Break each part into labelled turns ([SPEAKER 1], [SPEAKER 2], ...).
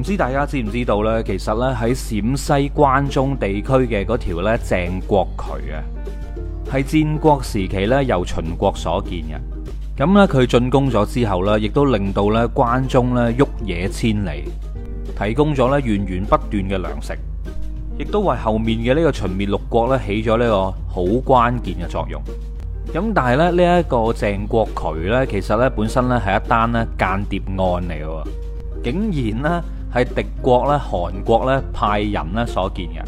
[SPEAKER 1] 唔知大家知唔知道呢？其實呢，喺陝西關中地區嘅嗰條呢，鄭國渠啊，係戰國時期呢，由秦國所建嘅。咁呢，佢進攻咗之後呢，亦都令到呢關中呢沃野千里，提供咗呢源源不斷嘅糧食，亦都為後面嘅呢個秦滅六國呢起咗呢個好關鍵嘅作用。咁但係咧呢一個鄭國渠呢，其實呢本身呢，係一單呢間諜案嚟嘅，竟然呢。係敵國咧，韓國咧派人咧所見嘅。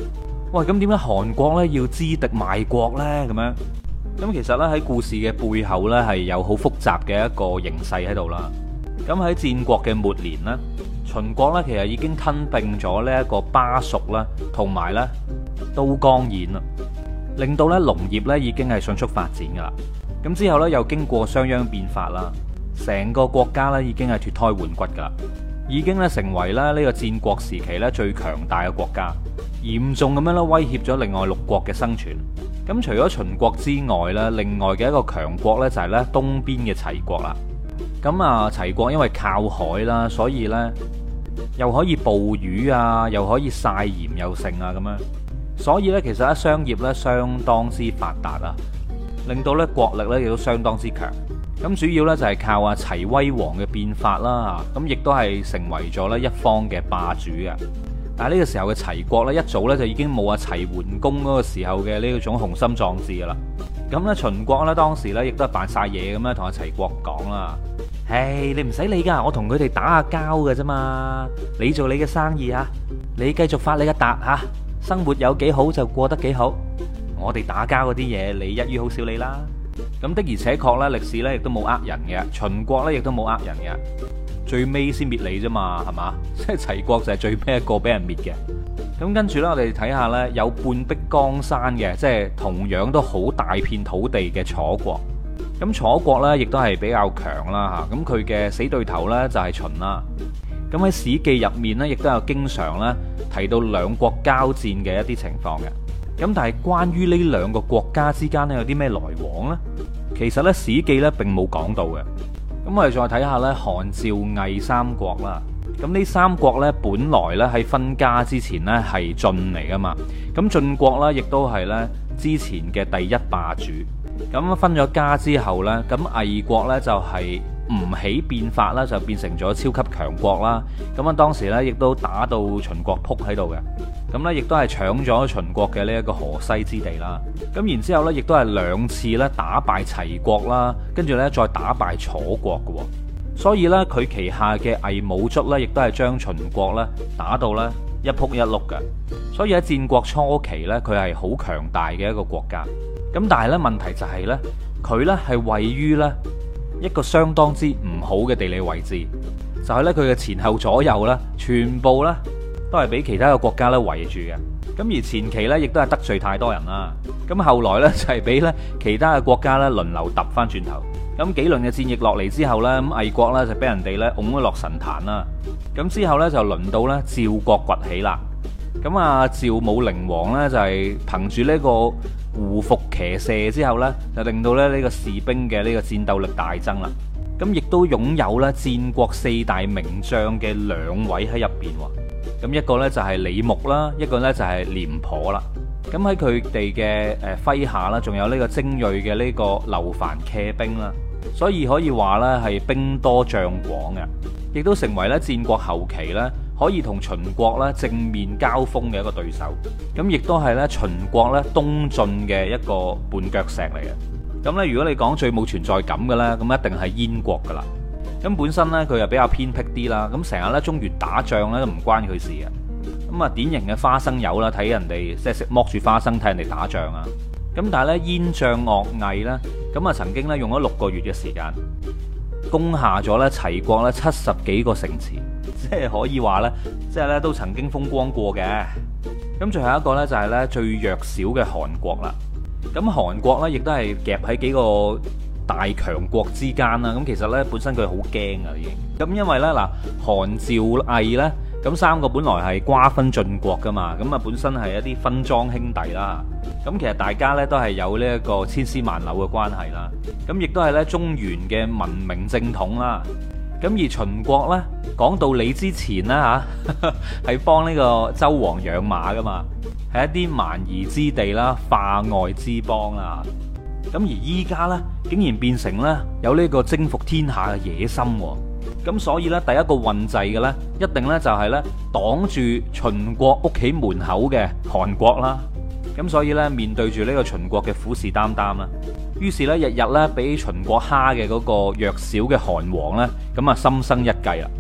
[SPEAKER 1] 喂，咁點解韓國咧要資敵賣國呢？咁樣，咁其實咧喺故事嘅背後咧係有好複雜嘅一個形勢喺度啦。咁喺戰國嘅末年咧，秦國咧其實已經吞併咗呢一個巴蜀啦，同埋咧都江堰啦，令到咧農業咧已經係迅速發展噶啦。咁之後咧又經過商鞅變法啦，成個國家咧已經係脫胎換骨噶啦。已經咧成為咧呢個戰國時期咧最強大嘅國家，嚴重咁樣咧威脅咗另外六國嘅生存。咁除咗秦國之外咧，另外嘅一個強國咧就係咧東邊嘅齊國啦。咁啊，齊國因為靠海啦，所以咧又可以捕魚啊，又可以曬鹽又盛啊咁樣，所以咧其實咧商業咧相當之發達啊，令到咧國力咧亦都相當之強。咁主要呢，就係靠阿齊威王嘅變法啦，咁亦都係成為咗呢一方嘅霸主嘅。但係呢個時候嘅齊國呢，一早呢就已經冇阿齊桓公嗰個時候嘅呢一種雄心壯志噶啦。咁呢，秦國呢，當時呢亦都係扮晒嘢咁樣同阿齊國講啦。唉，你唔使理噶，我同佢哋打下交噶啫嘛。你做你嘅生意吓，你繼續發你嘅達吓，生活有幾好就過得幾好。我哋打交嗰啲嘢你一於好少理啦。咁的而且確呢，歷史呢亦都冇呃人嘅，秦國呢亦都冇呃人嘅，最尾先滅你啫嘛，係嘛？即係齊國就係最尾一個俾人滅嘅。咁跟住呢，我哋睇下呢，有半壁江山嘅，即係同樣都好大片土地嘅楚國。咁楚國呢亦都係比較強啦吓。咁佢嘅死對頭呢就係秦啦。咁喺《史記》入面呢，亦都有經常呢提到兩國交戰嘅一啲情況嘅。咁但係關於呢兩個國家之間呢，有啲咩來往呢？其實咧，《史記》咧並冇講到嘅。咁我哋再睇下咧，韓、趙、魏三國啦。咁呢三國咧，本來咧係分家之前咧係晉嚟噶嘛。咁晉國啦，亦都係咧之前嘅第一霸主。咁分咗家之後咧，咁魏國咧就係吳起變法啦，就變成咗超級強國啦。咁啊，當時咧亦都打到秦國，撲喺度嘅。咁咧，亦都係搶咗秦國嘅呢一個河西之地啦。咁然之後呢，亦都係兩次咧打敗齊國啦，跟住呢，再打敗楚國嘅。所以呢，佢旗下嘅魏武卒呢，亦都係將秦國呢打到呢，一仆一碌嘅。所以喺戰國初期呢，佢係好強大嘅一個國家。咁但係呢，問題就係呢，佢呢係位於呢一個相當之唔好嘅地理位置，就係呢，佢嘅前後左右呢，全部呢，都係俾其他嘅國家咧圍住嘅。咁，而前期咧亦都係得罪太多人啦。咁後來咧就係俾咧其他嘅國家咧輪流揼翻轉頭。咁幾輪嘅戰役落嚟之後咧，咁魏國咧就俾人哋咧拱咗落神壇啦。咁之後咧就輪到咧趙國崛起啦。咁啊，趙武靈王咧就係憑住呢個胡服騎射之後咧，就令到咧呢個士兵嘅呢個戰鬥力大增啦。咁亦都擁有咧戰國四大名將嘅兩位喺入邊喎。咁一個呢就係李牧啦，一個呢就係廉頗啦。咁喺佢哋嘅，誒麾下啦，仲有呢個精銳嘅呢個樓煩騎兵啦，所以可以話呢係兵多將廣嘅，亦都成為咧戰國後期呢可以同秦國咧正面交鋒嘅一個對手。咁亦都係呢秦國咧東進嘅一個絆腳石嚟嘅。咁呢，如果你講最冇存在感嘅呢，咁一定係燕國噶啦。咁本身呢，佢又比較偏僻啲啦，咁成日咧中原打仗咧都唔關佢事嘅，咁啊典型嘅花生友啦，睇人哋即係食剝住花生睇人哋打仗啊，咁但係咧燕將樂毅咧，咁啊曾經咧用咗六個月嘅時間攻下咗咧齊國咧七十幾個城池，即係可以話咧，即係咧都曾經風光過嘅。咁最後一個咧就係咧最弱小嘅韓國啦，咁韓國咧亦都係夾喺幾個大強國之間啦，咁其實呢，本身佢好驚啊，已經咁，因為呢，嗱，韓趙魏呢，咁三個本來係瓜分晉國噶嘛，咁啊本身係一啲分贓兄弟啦，咁其實大家呢，都係有呢一個千絲萬縷嘅關係啦，咁亦都係呢中原嘅文明正統啦，咁而秦國呢，講到你之前呢，吓，係幫呢個周王養馬噶嘛，係一啲蠻夷之地啦，化外之邦啦。咁而依家呢，竟然變成呢，有呢個征服天下嘅野心喎。咁所以呢，第一個混制嘅呢，一定呢，就係呢，擋住秦國屋企門口嘅韓國啦。咁所以呢，面對住呢個秦國嘅虎視眈眈啦，於是呢，日日呢，俾秦國蝦嘅嗰個弱小嘅韓王呢，咁啊心生一計啦。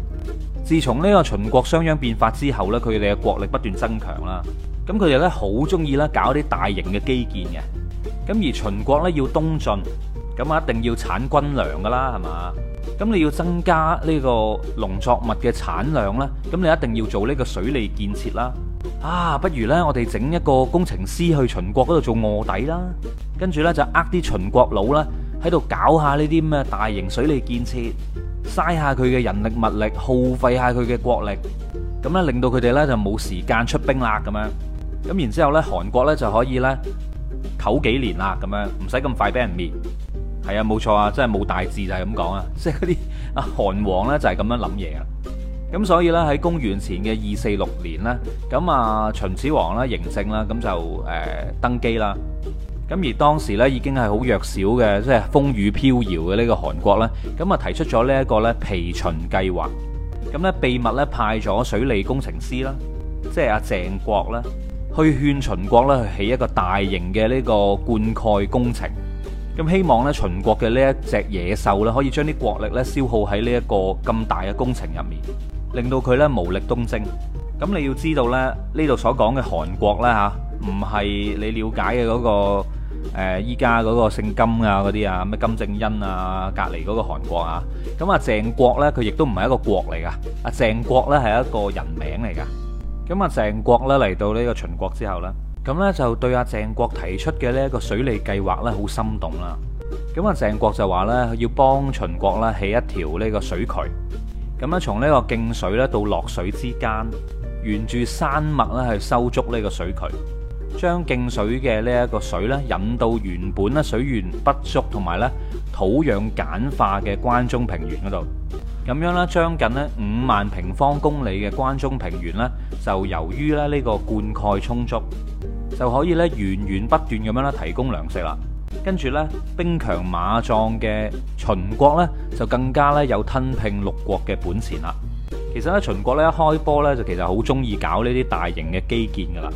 [SPEAKER 1] 自從呢個秦國商鞅變法之後呢，佢哋嘅國力不斷增強啦。咁佢哋呢，好中意啦搞啲大型嘅基建嘅。咁而秦國呢要東進，咁啊一定要產軍糧㗎啦，係咪？咁你要增加呢個農作物嘅產量呢，咁你一定要做呢個水利建設啦。啊，不如呢我哋整一個工程師去秦國嗰度做卧底啦，跟住呢就呃啲秦國佬啦，喺度搞下呢啲咩大型水利建設，嘥下佢嘅人力物力，耗費下佢嘅國力，咁呢令到佢哋呢就冇時間出兵啦咁樣。咁然之後呢，韓國呢就可以呢。唞幾年啦，咁樣唔使咁快俾人滅，係啊，冇錯啊，真係冇大志就係咁講啊，即係嗰啲啊韓王呢，就係咁樣諗嘢啊，咁所以呢，喺公元前嘅二四六年呢，咁啊秦始皇啦，嬴政啦，咁就、呃、登基啦，咁而當時呢，已經係好弱小嘅，即係風雨飄搖嘅呢個韓國啦。咁啊提出咗呢一個呢，皮秦計劃，咁呢，秘密呢，派咗水利工程師啦，即係阿鄭國啦。去勸秦國咧，起一個大型嘅呢個灌溉工程，咁希望咧，秦國嘅呢一隻野獸咧，可以將啲國力咧消耗喺呢一個咁大嘅工程入面，令到佢咧無力東征。咁你要知道咧，呢度所講嘅韓國咧吓，唔係你了解嘅嗰個誒，依家嗰個姓金啊嗰啲啊咩金正恩啊隔離嗰個韓國啊。咁啊鄭國咧，佢亦都唔係一個國嚟㗎，阿鄭國咧係一個人名嚟㗎。咁啊，鄭國咧嚟到呢個秦國之後咧，咁咧就對阿鄭國提出嘅呢一個水利計劃咧，好心動啦。咁啊，鄭國就話咧，要幫秦國咧起一條呢個水渠，咁咧從呢個涇水咧到洛水之間，沿住山脈咧去修築呢個水渠，將涇水嘅呢一個水咧引到原本咧水源不足同埋咧土壤鹼化嘅關中平原嗰度。咁樣咧，將近咧五萬平方公里嘅關中平原呢，就由於咧呢個灌溉充足，就可以呢源源不斷咁樣咧提供糧食啦。跟住呢，兵強馬壯嘅秦國呢，就更加呢有吞併六國嘅本錢啦。其實呢，秦國呢一開波呢，就其實好中意搞呢啲大型嘅基建噶啦。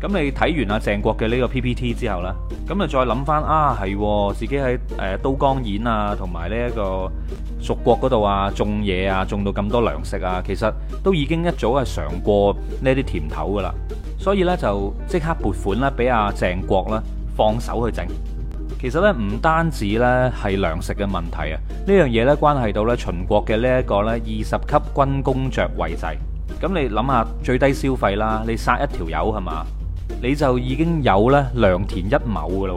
[SPEAKER 1] 咁你睇完阿鄭國嘅呢個 PPT 之後呢，咁啊再諗翻啊，係、哦、自己喺誒都江堰啊，同埋呢一個蜀國嗰度啊，種嘢啊，種到咁多糧食啊，其實都已經一早係嘗過呢啲甜頭噶啦，所以呢，就即刻撥款啦，俾阿鄭國啦，放手去整。其實呢，唔單止呢係糧食嘅問題啊，呢樣嘢呢，關係到呢秦國嘅呢一個呢二十級軍功爵位制。咁你諗下最低消費啦，你殺一條友係嘛？你就已經有咧良田一畝噶啦，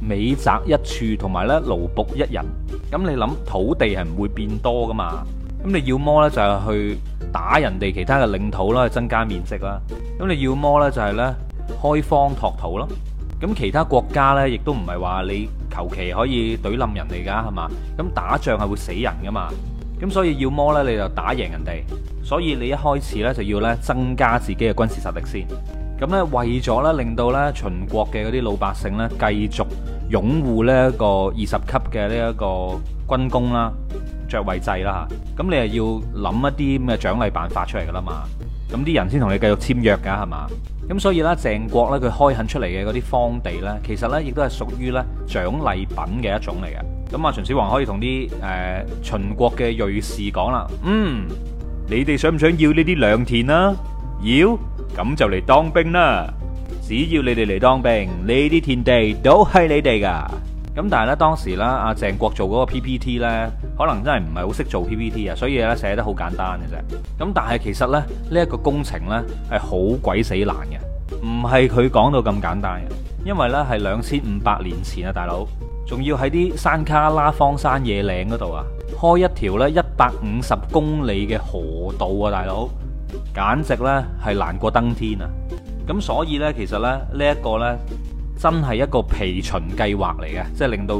[SPEAKER 1] 美宅一處，同埋咧奴僕一人。咁你諗土地係唔會變多噶嘛？咁你要麼呢？就係、是、去打人哋其他嘅領土啦，增加面積啦。咁你要麼呢？就係、是、呢，開荒拓土囉。咁其他國家呢，亦都唔係話你求其可以懟冧人哋噶係嘛？咁打仗係會死人噶嘛？咁所以要麼呢？你就打贏人哋，所以你一開始呢，就要呢，增加自己嘅軍事實力先。咁咧，為咗咧，令到咧，秦國嘅嗰啲老百姓咧，繼續擁護呢一個二十級嘅呢一個軍功啦、爵位制啦，咁你係要諗一啲咁嘅獎勵辦法出嚟噶啦嘛，咁啲人先同你繼續簽約噶係嘛？咁所以咧，鄭國咧佢開墾出嚟嘅嗰啲荒地咧，其實咧亦都係屬於咧獎勵品嘅一種嚟嘅，咁啊，秦始皇可以同啲誒秦國嘅銳士講啦，嗯，你哋想唔想要呢啲良田啊？妖，咁就嚟當兵啦！只要你哋嚟當兵，呢啲田地都係你哋噶。咁但係咧，當時咧，阿鄭國做嗰個 PPT 咧，可能真係唔係好識做 PPT 啊，所以咧寫得好簡單嘅啫。咁但係其實咧，呢一個工程咧係好鬼死難嘅，唔係佢講到咁簡單嘅，因為咧係兩千五百年前啊，大佬，仲要喺啲山卡拉、荒山野嶺嗰度啊，開一條咧一百五十公里嘅河道啊，大佬。簡直咧係難過登天啊！咁所以呢，其實咧呢一個呢，真係一個疲秦計劃嚟嘅，即係令到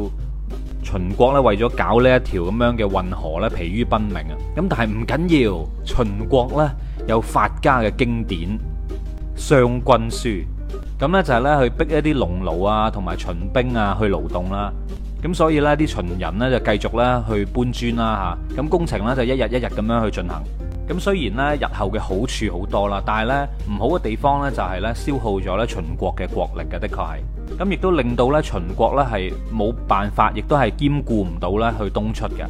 [SPEAKER 1] 秦國呢為咗搞呢一條咁樣嘅運河呢，疲於奔命啊！咁但係唔緊要，秦國呢，有法家嘅經典《商君書》，咁呢，就係呢去逼一啲農奴啊同埋秦兵啊去勞動啦。咁所以呢，啲秦人呢，就繼續咧去搬磚啦吓，咁工程呢，就一日一日咁樣去進行。咁雖然呢，日後嘅好處好多啦，但係呢唔好嘅地方呢，就係呢消耗咗呢秦國嘅國力嘅，的確係咁亦都令到呢秦國呢係冇辦法，亦都係兼顧唔到呢去東出嘅。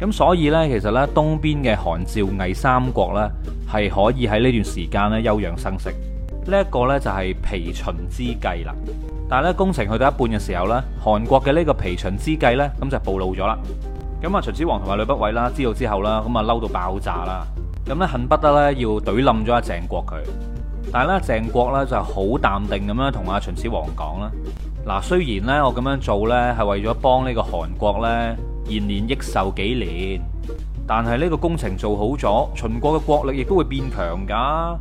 [SPEAKER 1] 咁所以呢，其實呢東邊嘅韓趙魏三國呢，係可以喺呢段時間呢休養生息。呢一個呢，就係疲秦之計啦。但係呢工程去到一半嘅時候呢，韓國嘅呢個疲秦之計呢，咁就暴露咗啦。咁啊，秦始皇同埋呂不韋啦知道之後啦，咁啊嬲到爆炸啦！咁咧恨不得咧要懟冧咗阿鄭國佢，但係咧鄭國咧就好淡定咁樣同阿秦始皇講啦。嗱，雖然咧我咁樣做咧係為咗幫呢個韓國咧延年益壽幾年，但係呢個工程做好咗，秦國嘅國力亦都會變強噶。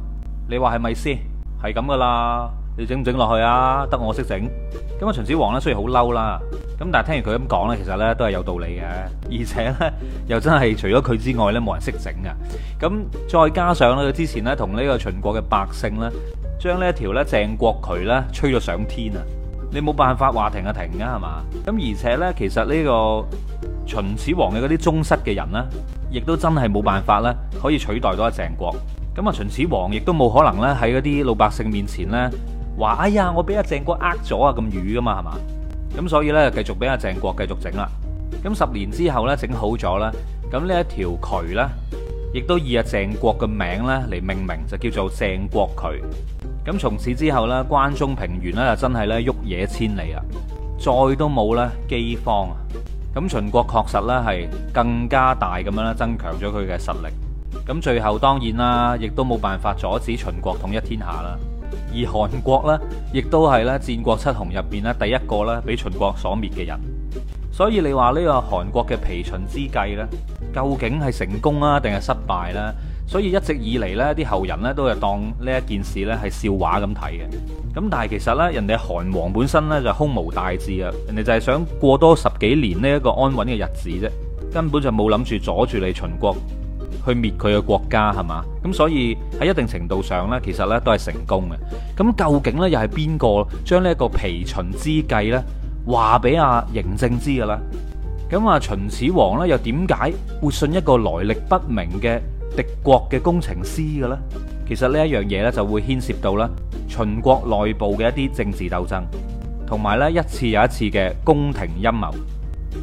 [SPEAKER 1] 你話係咪先？係咁噶啦。你整唔整落去啊？得我識整咁啊！秦始皇咧，雖然好嬲啦，咁但係聽完佢咁講呢，其實呢都係有道理嘅。而且呢，又真係除咗佢之外呢，冇人識整嘅。咁再加上咧，之前呢，同呢個秦國嘅百姓呢，將呢一條咧鄭國渠呢吹咗上天啊！你冇辦法話停啊停㗎係嘛？咁而且呢，其實呢個秦始皇嘅嗰啲宗室嘅人呢，亦都真係冇辦法呢，可以取代到阿鄭國咁啊！秦始皇亦都冇可能呢，喺嗰啲老百姓面前呢，話哎呀，我俾阿鄭國呃咗啊，咁淤㗎嘛，係嘛？咁所以呢，就繼續俾阿鄭國繼續整啦。咁十年之後呢，整好咗啦，咁呢一條渠呢，亦都以阿鄭國嘅名呢嚟命名，就叫做鄭國渠。咁從此之後呢，關中平原呢，就真係呢，沃野千里啊，再都冇呢，饑荒啊。咁秦國確實呢，係更加大咁樣增強咗佢嘅實力。咁最後當然啦，亦都冇辦法阻止秦國統一天下啦。而韓國咧，亦都係咧戰國七雄入邊咧第一個咧被秦國所滅嘅人，所以你話呢個韓國嘅疲秦之計呢，究竟係成功啊定係失敗呢？所以一直以嚟呢啲後人呢，人都係當呢一件事呢係笑話咁睇嘅。咁但係其實呢，人哋韓王本身呢，就是、胸無大志啊，人哋就係想過多十幾年呢一個安穩嘅日子啫，根本就冇諗住阻住你秦國，去滅佢嘅國家係嘛，咁所以喺一定程度上呢，其實呢都係成功嘅。咁究竟呢又係邊個將呢個個疲秦之計呢話俾阿嬴政知嘅咧？咁啊秦始皇呢，又點解會信一個來歷不明嘅敵國嘅工程師嘅咧？其實呢一樣嘢呢，就會牽涉到呢秦國內部嘅一啲政治鬥爭，同埋呢一次又一次嘅宮廷陰謀。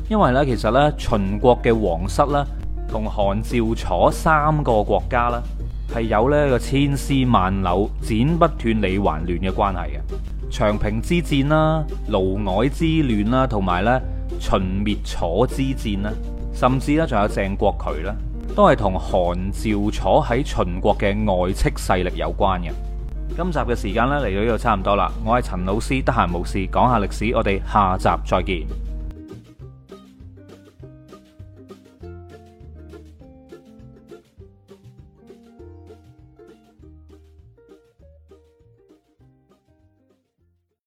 [SPEAKER 1] 因為呢，其實呢，秦國嘅皇室呢，同韓趙楚三個國家呢係有呢個千絲萬縷、剪不斷、理還亂嘅關係嘅。長平之戰啦、嫪毐之亂啦，同埋咧秦滅楚之戰啦，甚至咧仲有鄭國渠啦，都係同韓趙楚喺秦國嘅外戚勢力有關嘅。今集嘅時間呢，嚟到呢度差唔多啦，我係陳老師，得閒無事講下歷史，我哋下集再見。